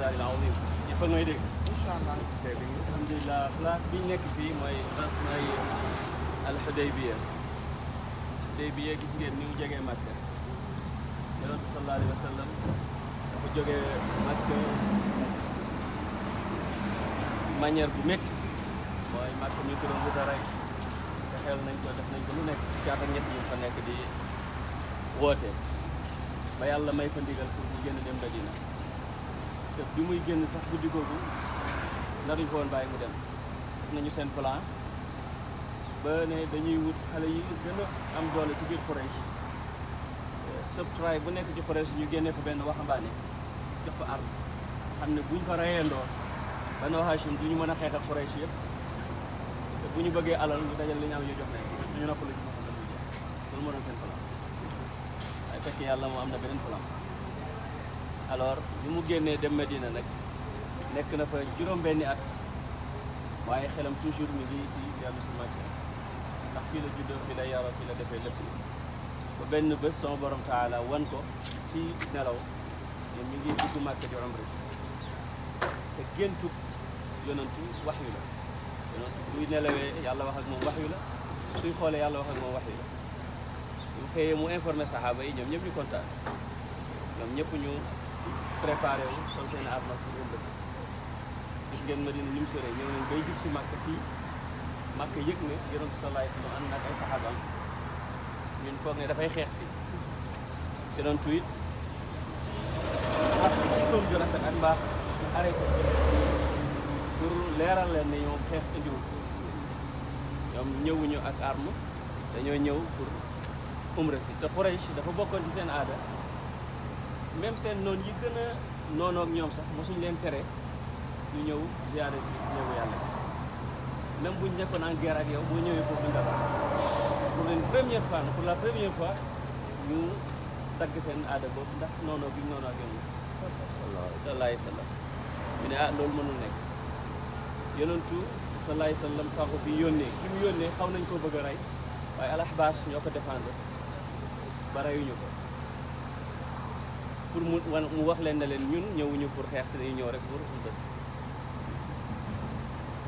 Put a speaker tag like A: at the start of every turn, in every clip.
A: daal dinaa a ngi may dégg. incha allah alhamdulilah place bi ñu nekk fii mooy place mooy Al Hudaybiya Hudaybiya gis ngeen mi mu joge Makka yonent sallallahu alayhi wa sallam dafa jógee Makka bu métti mooy Makka ñu turam bu dara te xel nañ ko def nañ ko lu nekk caata ñett yi fa nekk di woote ba yàlla may ko ndigal pour mu dem Madina que bi muy génn sax guddi googu naruñ ko woon bàyyi mu dem def nañu seen plan ba ne dañuy wut xale yi gën am doole ci biir Quraysh subtray bu nekk ci Quraysh ñu génnee fa benn waxambaane jox ko arme xam ne buñ ko reyandoo Banu Hashim du ñu mën a xeexal Quraysh yëpp te bu ñu bëggee alal ñu dajal li ñu am ñu jox leen ñu nopp la ñu ma xam ne moo doon seen plan waaye fekk yàlla moo am na beneen plan alors bi mu génnee dem madina nag nekk na fa juróom-benni at waaye xelam toujours mi ngi ci dellu si Makka ndax fii la juddoo fii la yaroo fii la defee lépp ba benn bés sama borom taala wan ko ci nelaw ne mi ngi dugg Makka di umra si te géntu yonantu wax yu la yonantu nelawee yàlla wax ak moom wax yu la suy xoolee yàlla wax ak moom wax yu la bu xëyee mu informé saxaaba yi ñoom ñëpp ñëpp ñu préparé wu sol seen arme pour ëllëg gis ngeen Madina ni mu soree ñëw nañ bay jub si Màkka fii Màkka yëg ne yonent sallallahu alayhi wa sallam ànd na ak ay saxaabaam foog ne dafay xeex si yonent it ci ak mbaax ñu pour leeral leen ne ñoom xeex indiwul ñoom ñëwuñu ak arme dañoo ñëw pour umra si te Quraysh dafa bokkoon ci seen aada même seen noonu yi gën a noonoog ñoom sax mosuñ leen tere ñu ñëw ziare si néegu yàlla même buñ nekkoon en guerre ak yow boo ñëwee foofu ñu pour une première fois pour la première fois ñu tagg seen aada boobu ndax noonoo gi noonoo ak yow salaay salaam mu ne ah loolu mënul nekk yonentu salaay salaam tànku fi yónnee ki mu yónnee xaw nañ koo bëgg a rey waaye alaxbaas ñoo ko défendre ba reyuñu ko pour mu wan mu wax leen na leen ñun ñëwuñu pour xeex si dañu ñëw rek pour bés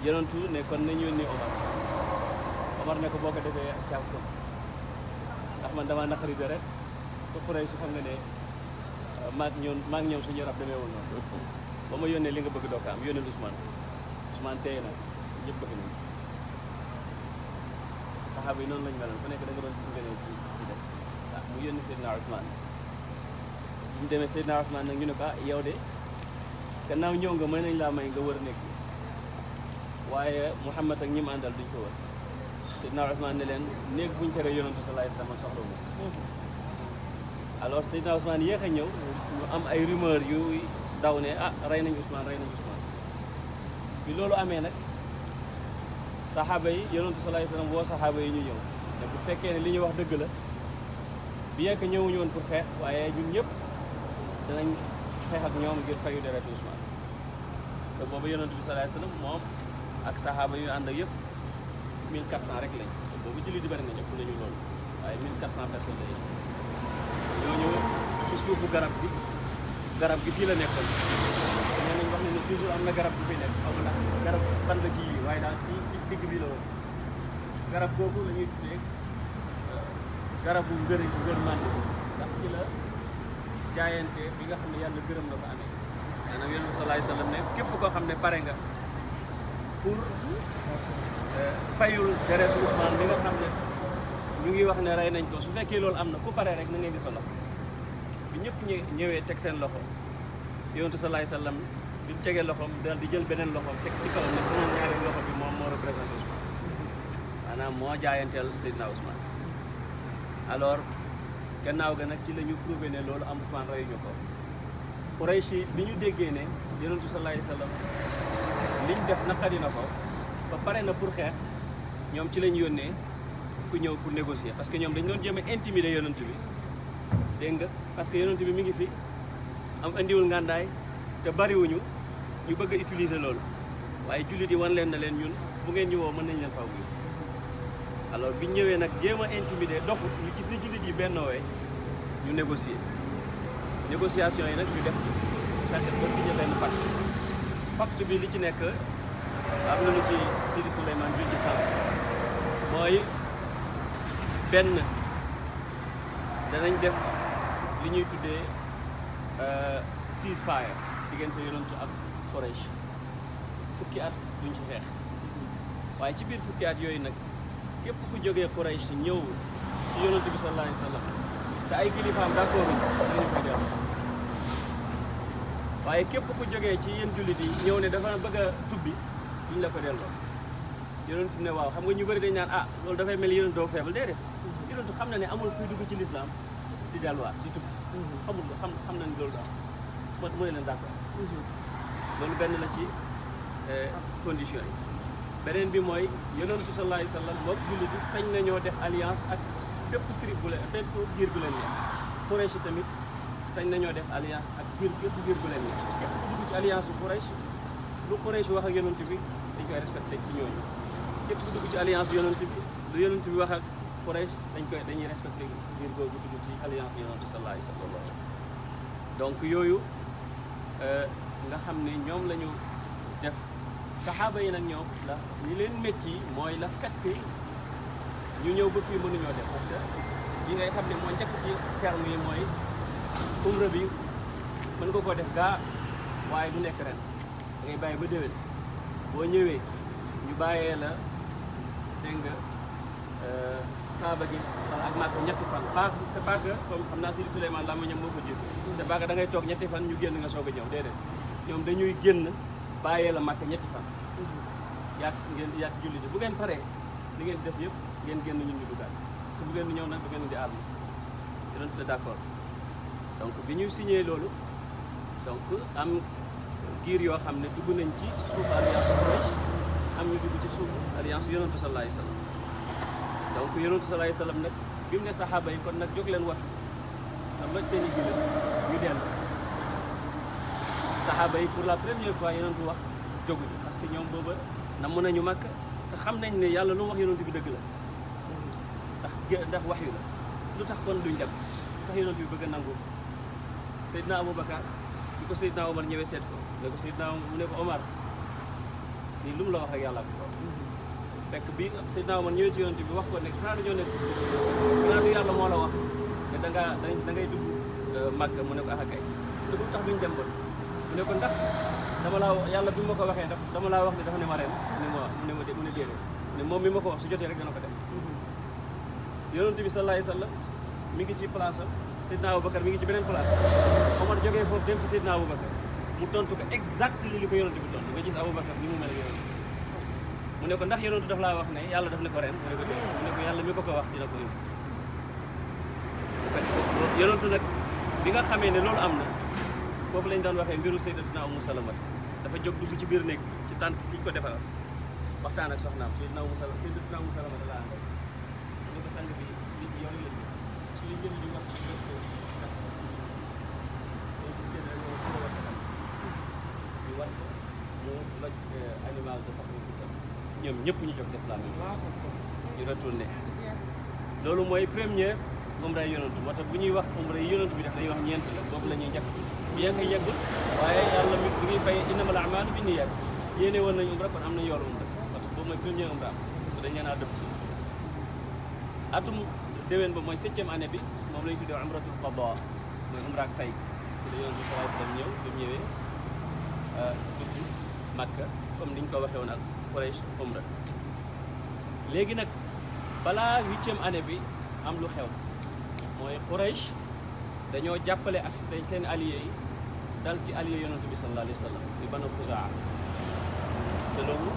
A: yonentu ne kon nañu yónni Omar Omar ne ko boo ko defee caab ko ndax man damaa naqari deret te Quraysh su xam nga ne euh, maag ñoom maag ñoom suñu rab demeewul noonu ba ma yónnee li nga bëgg doo ko am yónneel Ousmane Ousmane tey na ñëpp bëgg nañu saxaaba yi noonu lañu meloon ba nekk da nga doon gis nga ne ci ci des waaw mu yónni Seydina Ousmane ñu demee Seydina Ousmane nag ñu ne ko ah yow de gannaaw ñëw nga mën nañ laa may nga wër nekk waaye Mouhamed ak ñi mu àndal duñ ko wër Seydina Ousmane ne leen néeg buñ tere yonantu sallallahu alayhi wasallam soxla moom alors Seydina yéex a ñëw ñu am ay rumeur yu daw ne ah rey nañ Ousmane rey nañ Ousmane bi loolu amee nag saxaaba yi yonantu sallallahu sa wasallam woo saxaaba yi ñu ñëw te bu fekkee ne li ñuy wax dëgg la bu yekk ñëwuñu woon pour xeex waaye ñun ñëpp danañ xeex ak ñoom ngir fayu deretu Ousmane te boobu yonent bi salaay salaam moom ak saxaaba yu ànd ak yëpp 1400 rek lañ te boobu jullit di bëri nañ ëpp nañu loolu waaye 1400 personnes lañ ñoo ñëw ci suufu garab bi garab gi fii la nekkoon nee nañ wax ne ne toujours am na garab bu fi nekk xaw ma ndax garab ban la ci yi waaye daal ci digg bi la woon garab googu la ñuy tuddee euh, garabu ngëri ngër màndi ndax ci la jaayante bi nga xam ne yàlla gërëm la ko amee maanaam yonent bi salaay ne képp koo xam ne pare nga pour euh, fayul deret Ousmane bi nga xam ne ñu ngi wax ne rey nañ ko su fekkee loolu am na ku pare rek na ngeen di sa loxo bi ñëpp ñu ñëwee teg seen loxo yonent bi salaay sallam bi mu tegee loxoom daal di jël beneen loxo teg ci kawam ne sama ñaari loxo bi moom moo représenté Ousmane maanaam moo jaayanteel Seydina Ousmane alors gannaaw ga nag ci la ñu prouvé ne loolu am Ousmane rey ñu ko Quraysh yi bi ñu déggee ne yonentu sallallahu alayhi wasallam liñ def naqari na ko ba pare na pour xeex ñoom ci lañu yónnee ku ñëw ku négocier parce que ñoom dañ doon jéem a intimider yonent bi dégg nga parce que yonent bi mu ngi fi am indiwul ngàndaay te bariwuñu ñu bëgg a utiliser loolu waaye jullit yi wan leen na leen ñun bu ngeen ñëwoo mën nañ leen faw alors bi ñëwee nag jéem a intimider doxut ñu gis ni jullit yi bennoowee ñu négocier négociation yi nag ñu def fexe ba signé benn pacte pacte bi li ci nekk am na lu ci Sidi Souleymane Jules Sall mooy benn danañ def li ñuy tuddee euh, cease fire diggante yonantu ak Quraysh fukki at duñ ci xeex waaye ci biir fukki at yooyu nag. képp ku jógee Quraysh ñëw ci yonent bi sallallahu alayhi wa sallam te ay kilifaam d'accord dañu koy def waaye képp ku ci yéen jullit yi bëgg a tubbi duñ la ko delloo yonent ne waaw xam nga ñu bëri dañ naan ah loolu dafay mel yonent doo faible déedéet yonent xam na ne amul kuy dugg ci lislaam di delluwaat di tubbi xamul ko xam xam na ne loolu daal moo mu ne leen d'accord mhm. loolu benn la ci eh, condition yi beneen bi mooy yonentu sallallahu alayhi wasallam moom jullit bi sañ nañoo def alliance ak bépp tribu bu leen bépp giir bu leen neex Quraysh tamit sañ nañoo def alliance ak giir bépp bu leen neex képp dugg ci alliance bu Quraysh lu Quraysh wax ak yonent bi dañ koy respecté ci ñooñu képp dugg ci alliance yonent bi lu yonent bi wax ak Quraysh dañ koy dañuy respecté giir googu dugg ci alliance yonentu sallallahu alayhi wasallam donc yooyu euh, nga xam ne ñoom la ñu def saxaaba yi nag ñoom la li leen métti mooy la fekk ñu ñëw ba fii mënuñoo def parce que li ngay xam ne moo njëkk ci terme yi mooy umra bi mën nga koo def gaa waaye du nekk ren da ngay bàyyi ba déwén boo ñëwee ñu bàyyee la dégg nga euh, kaaba gi wala ak màkk ñetti fan pas c'est pas que comme xam naa si Souleymane la ma ñam moo ko jiitu c'est pas da ngay toog ñetti fan ñu génn nga soog a ñëw déedéet ñoom dañuy génn bàyyee la màkk ñetti fan yaat ngeen yaat julli ji bu ngeen paree li ngeen def yëpp ngeen génn ñu ngi duggaat te bu ngeen di ñëw nag bu ngeen di arme yonent bi d' accord donc bi ñuy signé loolu donc am giir yoo xam ne dugg nañ ci suuf alliance Quraysh am ñu dugg ci suuf alliance yonentu sallallahu alayhi wasallam donc yonentu sallallahu alayhi wasallam nag bi ne saxaaba yi kon nag jóg leen wattu te loj seen i jullit ñu dellu saxaaba yi pour la première fois yonent wax jóguñu parce que ñoom booba namm ñu mag te xam nañ ne yàlla lu wax yonent bi dëgg la ndax wax yu la lu tax kon duñ dem lu tax yonent bëgg a nangu Seydina Abou Bakar bi ko Seydina Omar seet ko ne ko Seydina mu ne ko Omar nii lu mu la wax ak yàlla bi ko fekk bi Seydina Omar ñëwee ñoo yonent bi wax ko ne moo la wax ne da ngaa da ngay dugg euh, màkk mu ne ko ah lu tax duñ dem ba mu ne ko ndax dama laa yàlla bi ma ko waxee ndax dama laa wax ne dafa ne ma ren mu ne ma mu ne ma mu ne ma ko wax su jotee rek dana ko def yonent bi sallallahu alayhi wasallam mi ngi ci place am Seydina Aboubacar mi ci beneen place Omar jógee foofu dem ci Seydina Aboubacar mu tontu ko exact li li ko yonent bi tontu nga gis Aboubacar ni mu mel yonent mu ne ko ndax yonent daf yàlla daf ne ko ren mu ne ko ko yàlla mi ko ko wax dina ko indi yonent nag bi nga xamee ne loolu am na foofu lañ daan waxee mbiru Sayyidatuna mu Salamata dafa jóg dugg ci biir néeg bi ci tànt fi ko defaral waxtaan ak soxnaam Sayyidatuna Umu Salamata Sayyidatuna Umu Salamata laa àndal ñu ko sang bi nit ñi yow mu loj eh, ñoom ñëpp ñu jóg def la même chose ñu retourné loolu mooy première umra yonantu moo tax bu ñuy wax umra yi yonantu bi daf lay wax ñeent la boobu la ñuy njëkk bien que yeggul waaye yàlla mi ngi fay innamal a'maalu binniyaat yéene woon nañu umra kon am na yoolu umra parce que boobu mooy premier umra am dañ leen a dëpp atum déwén ba mooy septième année bi moom la ñu tuddee umratul qadaa mooy umra ak ñëw bi mu ñëwee euh, Makka comme niñ ko waxee woon ak Quraysh umra léegi nag balaa huitième année bi am lu xew mooy Quraysh dañoo jàppale ak seen allié yi dal ci allié yonent bi sallallahu alayhi wa sallam di Banu Xuzaa te loolu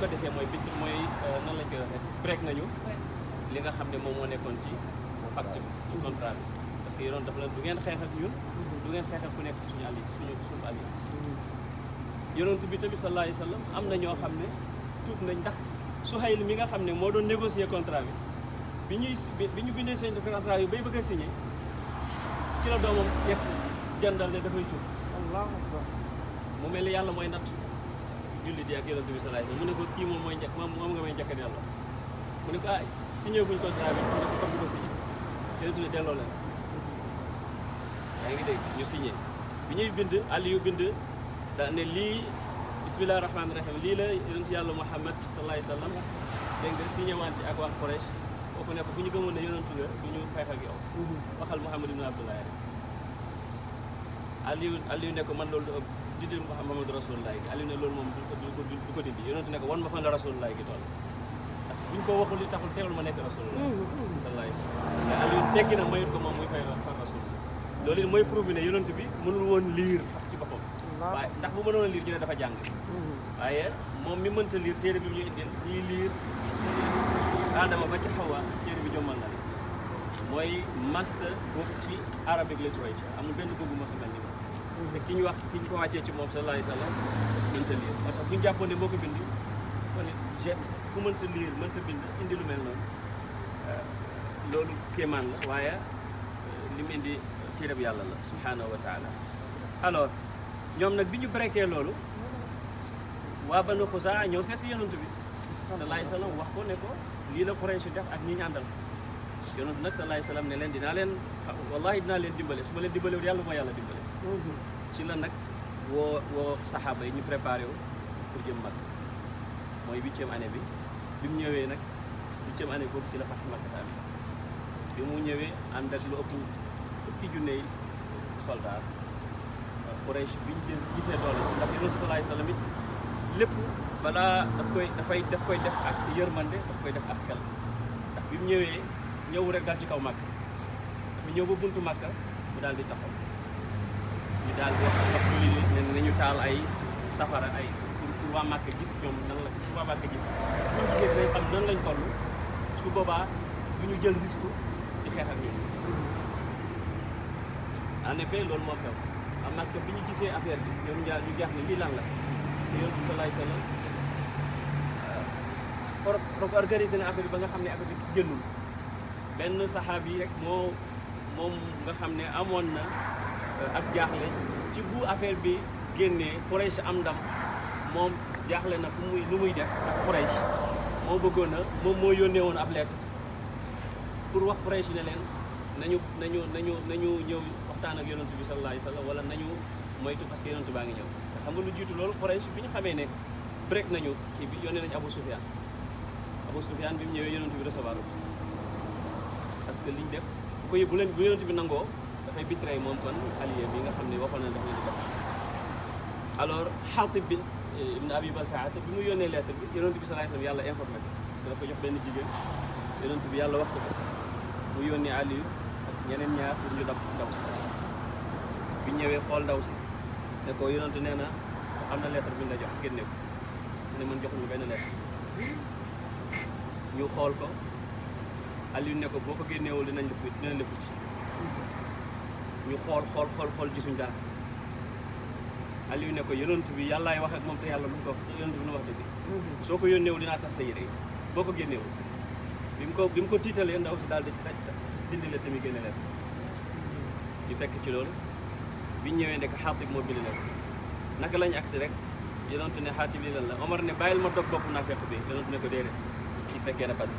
A: ko defee mooy bitt mooy euh, nan lañ koy waxee li nga xam ne moom moo nekkoon ci pacte bi ci contrat bi parce que yonent dafa leen ngeen xeex ak ñun du ngeen xeex ak nekk ci suñu allié suñu suñu allié yonent bi tamit sallallahu alayhi am na ñoo xam ne tuub nañ ndax Suhayl mi nga xam ne moo doon négocier contrat bi bi ñuy bi ñu bindee seen contrat yu bay bëgg a signé mu mel ni yàlla mooy natt jullit yi ak moom mooy njëkk moom nga may njëkkat yàlla mu ne ko ah, ko fan bu ñuy bind Aliou bind ne lii bisimilah rahmaani lii la yonent yàlla Muhammad salaay sallam dégg nga signé waan ak waa Quraysh kooku ne ko bu ñu gëmoon ne yonantu nga du ñu xeex ak yow mm-hmm. waxal Muhammad ne ko man loolu du ëpp didil Muhammad Rasulullah gi Aliou ne loolu moom du ko du ko dindi yonantu ne ko la Rasulullah gi ko waxul li taxul teewul ma nekk Rasulullah mm-hmm. sallallahu alayhi wasallam mais Aliou tekki na ko moom muy fay far mooy prouvé ne yonantu bi mënul woon liir sax ci boppam waaye ndax bu mënoon a liir ñu dafa jàng mm-hmm. waaye moom mi mënta liir téere bi mu ñu indil ñuy liir aadama ba ci xawa téere bi jommal na mooy master book ci arabic literature amul benn ko bu mos a mel ni moom ki ñu wax ki ñu ko wàccee ci moom sallallahu alayhi wa mënta liir moo tax bu ñu moo ko bindi kon jet ku mënta liir mënta bind indi lu mel noonu euh, loolu kéemaan la waaye euh, li mu indi bi yàlla la subhanahu wa taala ñoom nag bi ñu brekkee loolu waa Banu Xusaa ñëw seet si bi salaay salaam wax ko ne ko lii la Quraysh def ak ñi ñu àndal yonent nag salaay salaam ne leen dinaa leen wallahi dinaa leen dimbale su ma leen dimbalewul yàlla moo yàlla dimbale mhm. ci la nag woo woo saxaaba yi ñu préparé wu pour jëm mag mooy huitième année bi bi mu ñëwee nag huitième année boobu ci la Fathu Makka bi mu ñëwee ànd ak lu ëpp fukki junney soldat Quraysh bi ñu gisee doole ndax yonent salaay salaam it lépp balaa daf koy dafay daf koy def ak yërmande daf koy def ak xel ndax bi mu ñëwee ñëw rek daal ci kaw màkk dafa ñëw ba buntu màkk bu daal di taxaw ñu daal di wax nañu taal ay safara ay pour pour waa màkk gis ñoom nan la pour gis bu gisee lañ toll su boobaa bu ñu jël risque di xeex ak ñun en effet loolu moo xew xam naa bi ñu gisee affaire bi ñoom ñaar ñu jaaxle lii lan la te yoon bi salaay donc organisé na affaire bi ba nga xam ne affaire bi génnul benn saxaab yi rek moo moom nga xam ne amoon na euh, ak jaaxle ci bu affaire bi génnee Quraysh am ndam moom jaaxle na fu muy lu muy def ak Quraysh moo bëggoon na moom moo yónnee woon ab lettre pour wax Quraysh ne leen nañu nañu nañu nañu ñëw waxtaan ak yonent bi sallallahu alayhi wala nañu moytu parce que baa ngi ñëw xam nga lu jiitu loolu Quraysh bi ñu xamee ne break nañu kii bi yónnee nañu Abu Sufyan Abu Sufyaan bi mu ñëwee yonent bi recevoir parce que liñ def bu koy bu leen bu yonent bi nangoo dafay bitray moom kon allié bi nga xam ne waxoon na daf leen di def alors Xaatib bi eh, ibn Abi Baltaa te bi mu yónnee lettre bi yonent bi salaay salaam yàlla informé ko parce que dafa jox benn jigéen yonent bi yàlla wax ko mu yónnee Aliou ak ñeneen ñaar pour ñu dab ndaw si bi ñëwee xool ndaw si ne ko yonent nee na am na lettre bi la jox génne ko ne man joxuñu benn lettre ñu xool ko Alioune ne ko boo ko génneewul dinañ la fi dinañ la ñu xool xool xool xool gisuñ dara Alioune ne ko yonent bi yàllaay wax ak moom te yàlla lu mu ko yonent bi nu wax dëgg mhm. soo ko yónneewul dinaa tas sa yére yi boo ko génneewul bi ko bi mu ko tiitalee ndaw daal di dindi la tamit génne leen ñu fekk ci loolu biñ ñëwee nekk xaatib moo bind leen naka lañu agsi rek yonent ne xaatib li lan la Omar ne bàyyil ma dog bopp naa fekk bi yonent ne ko déedéet ci fekkee na Badr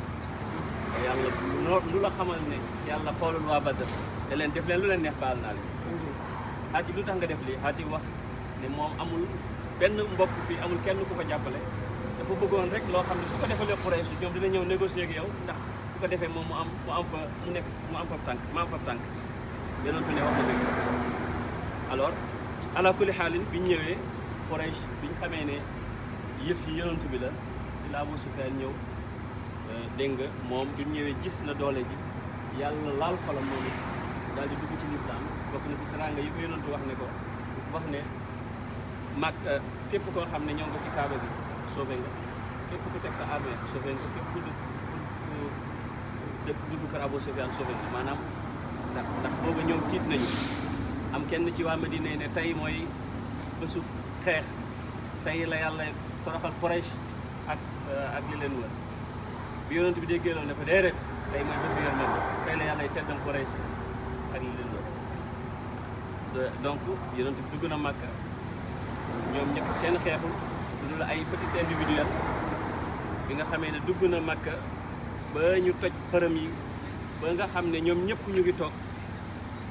A: yàlla loo lu la xamal ne yàlla xoolul waa Badr da leen def leen lu leen neex baal naa leen xaati lu tax nga def lii xaati wax ne moom amul benn mbokk fii amul kenn ku ko jàppale dafa bëggoon rek loo xam ne su ko defalee Quraysh ñoom dina ñëw négocier ak yow ndax bu ko defee moom mu am mu fa mu nekk mu am fa tànk mu am fa tànk yonentu ne wax na dëgg alors ala xaalin bi ñëwee Quraysh bi ñu xamee ne yëf yi yonentu bi la di laa Abu Sufyaan ñëw Euh, dégg nga moom bi ñëwee gis na doole ji yàlla laal xolam moom it di dugg ci lislaam bokk na ci teraanga yi ko yonantu wax ne ko wax ne mag képp koo xam ne ñoo nga ci kaaba bi sauvé nga képp ku teg sa armée sauvé nga képp ku dëkk dugg kër Abu Sufyaan sauvé nga maanaam ndax ndax ñoom tiit nañu am kenn ci waa Medina ne tey mooy bésu xeex tey la yàlla toroxal Quraysh ak ak li wër bi yonent bi déggee loolu ne ko déedéet tey mooy bésu yërmande tey la yàlla teddal ko rey ak li leen loolu donc yonent bi dugg na Màkka ñoom ñëpp kenn xeexul lu dul ay petits individuels bi nga xamee ne dugg na Màkka ba ñu toj xërëm yi ba nga xam ne ñoom ñëpp ñu ngi toog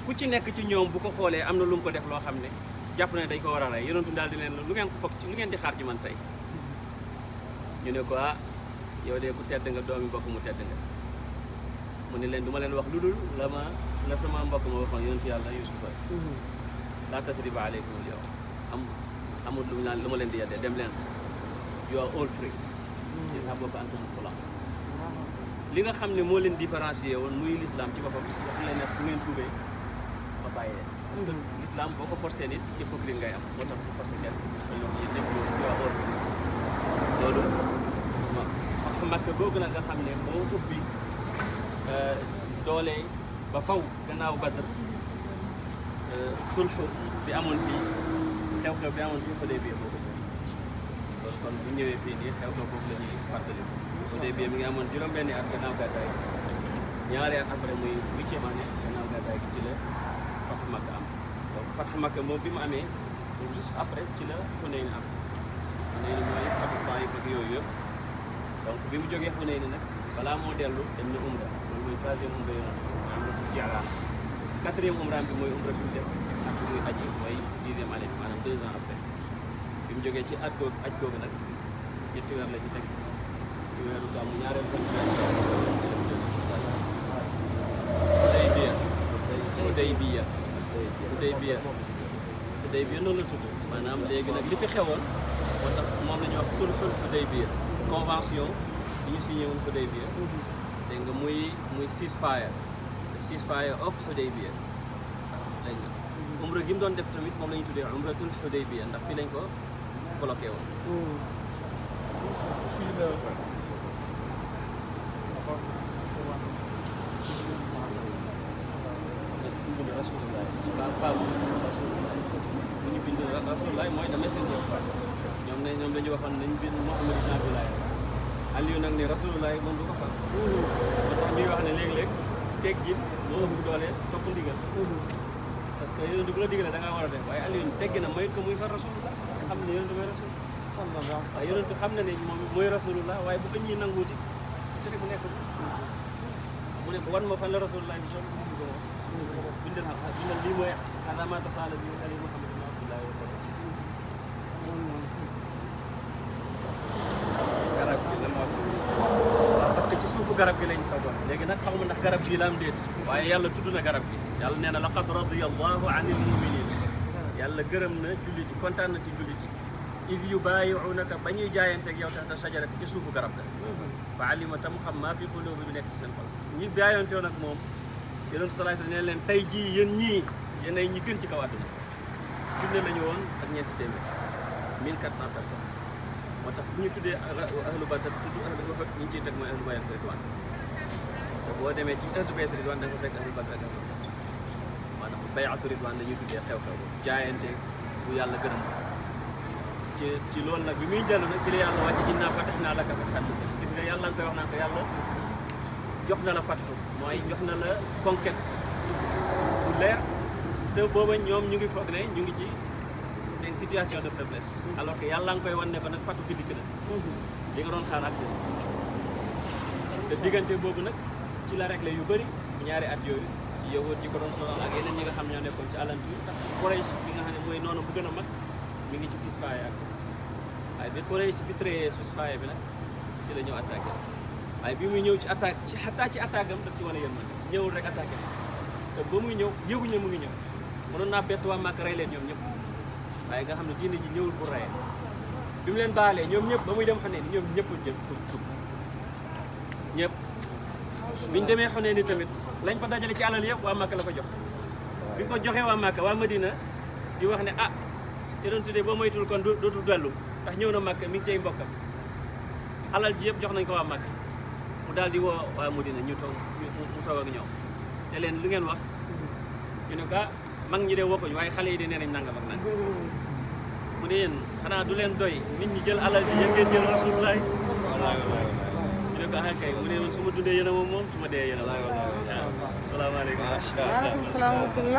A: ku ci nekk ci ñoom bu ko xoolee am na lu mu ko def loo xam ne jàpp na dañ ko war a rey yonentu daal di leen lu ngeen foog ci lu ngeen di xaar ci man tey yow de ku tedd nga doomi mbokk mu tedd nga mu ne leen du ma leen wax lu dul la ma la sama mbokk ma waxoon yonentu yàlla yusufa mhm. laa tasriba aleykum yow am amul lu naan lu ma leen di yeddee dem leen you are all free mhm. li nga xam ne moo leen différencié woon muy l'islam ci boppam wax leen ne bu ngeen tuubee ma bàyyi leen parce mhm. boo ko forcé nit hypocrite ngay am moo tax bu forcé kenn dañoo loolu màkk googu nag nga xam ne moo ubbi euh, doole ba faw gannaaw badr euh, sulxu bi amoon fii xew-xew bi amoon fii Xudaybiya boobu kon kon bu ñëwee fii nii xew-xew boobu la ñuy fàttali Xudaybiya mi ngi amoon juróom-benni at gannaaw gàddaay ñaari at après muy huitième année gannaaw gàddaay gi ci la Fathu Makka am donc Fathu Makka moom bi mu amee juste après ci la Xunayn am Xunayn mooy Fathu Taif ak yooyu yëpp donc bi mu jógee Xunayn nag balaa moo dellu dañ ne umra loolu mooy troisième umra yonent maanaam la tudd jaaraam quatrième umraam bi mooy umra bi mu def ak bi muy aji mooy dixième année maanaam deux ans après bi mu jógee ci at googu aj googu nag ñetti weer la ci teg ci weeru gàmmu ñaareel fan Hudaybiya Hudaybiya Hudaybiya Hudaybiya noonu la tudd maanaam léegi nag li fi xewoon moo tax moom la ñuy wax sulhul Hudaybiya convention bi ñu signé woon Hudaybiya mhm. dégg nga muy muy ceasefire ceasefire of Hudaybiya dégg nga mhm. umra gi mu doon def tamit moom la ñu tuddee umratul Hudaybiya ndax fii lañ ko bloqué woon mhm. mooy the messenger ñoom ne ñoom dañu waxoon nañ Aliou nag ne rasulullah moom du ko fal. Mhm. moo tax ñuy wax ne léeg-léeg teggin loolu bu doolee topp ndigal. Mhm. parce que yonent bu la digalee da ngaa war a def waaye Aliou teggi na mayut ko muy far rasulullah parce xam ne yonent mooy rasul. waaw yonent rasulullah waaye bu ko ñuy nangu ci bu nekk mhm. mu ne wan ma fan la rasulullah di soxla mu ngi ko wax. bindal xam bi garab gi lañ toogoon léegi nag xaw ma ndax garab gi la am déet waaye yàlla tudd na garab gi yàlla nee na laqad radiyallahu anil muminin yàlla gërëm na julliti kontaan na ci julliti id yubaayi'unaka ba ñuy jaayanteeg yow taxta shajarati ci suufu garab ga fa alima tam xam maa fi qulubi bi nekk ci seen xol ñi jaayanteewoon ak moom yonent salaay salaam nee leen tey jii yéen ñii yéenay ñi gën ci kaw àdduna junne lañu woon ak ñeenti téeméer 1400 personnes moo bu ñu tuddee ahlu badar tudd ahlu uhud ñu ciy teg mooy ahlu badar ridwaan te boo demee ci ahlu bayt ridwaan da nga maanaam bayatu ridwaan la ñuy tuddee xew bu yàlla gërëm ci loolu nag bi muy jàll nag ci la yàlla wàcc innaa fatahnaa laka fathan gis nga yàlla nga koy wax naan ko na la fathu mooy jox na la conquête bu te booba ñoom ñu ngi foog ne ñu ngi ci une situation de faiblesse mm-hmm. alors que yàlla nga koy wan ne ko nag fàttu bi dikk na li nga doon xaar ak seen mm-hmm. te diggante boobu nag ci la réglé yu bëri ñaari at yooyu ci yowoot yi ko doon sonal ak yeneen ñi nga xam ñoo nekkoon ci alentour parce que Quraysh bi nga xam ne mooy noonu bu gën a mag mi ngi ci ceasefire ak waaye bi ci bi créé ceasefire bi nag ci la ñëw attaqué waaye bi muy ñëw ci attaque ci xataa ci attaque am daf ci wane yërmande ñëwul rek attaqué te ba muy ñëw yëguñu mu ngi ñëw naa bett waa Màkka rey waaye nga xam ne diine ji ñëwul pour rayee bi mu leen baalee ñoom ñëpp ba muy dem xonee ni ñoom ñëpp jëm tub tub ñëpp biñ demee xonee ni tamit lañ fa dajale ci alal yëpp waa Màkka la ko jox bi ko joxee waa Màkka waa Madina di wax ne a ah yonent de boo moytul kon dootul dellu ndax ñëw na Màkka mi ngi cay mbokkam alal ji yëpp jox nañ ko waa Màkka mu daal di woo waa Madina ñu toog mu toog ak ñoom te leen lu ngeen wax ñu ne ko ah, man ñi de waxuñ waaye xale yi de nee nañ nangam ak hmm. mu ne xanaa du leen doy nit ñi jël alal ji yéen ngeen jël ne ko ah kay mu ne man su ma dundee yéen a moom moom su ma dee yéen a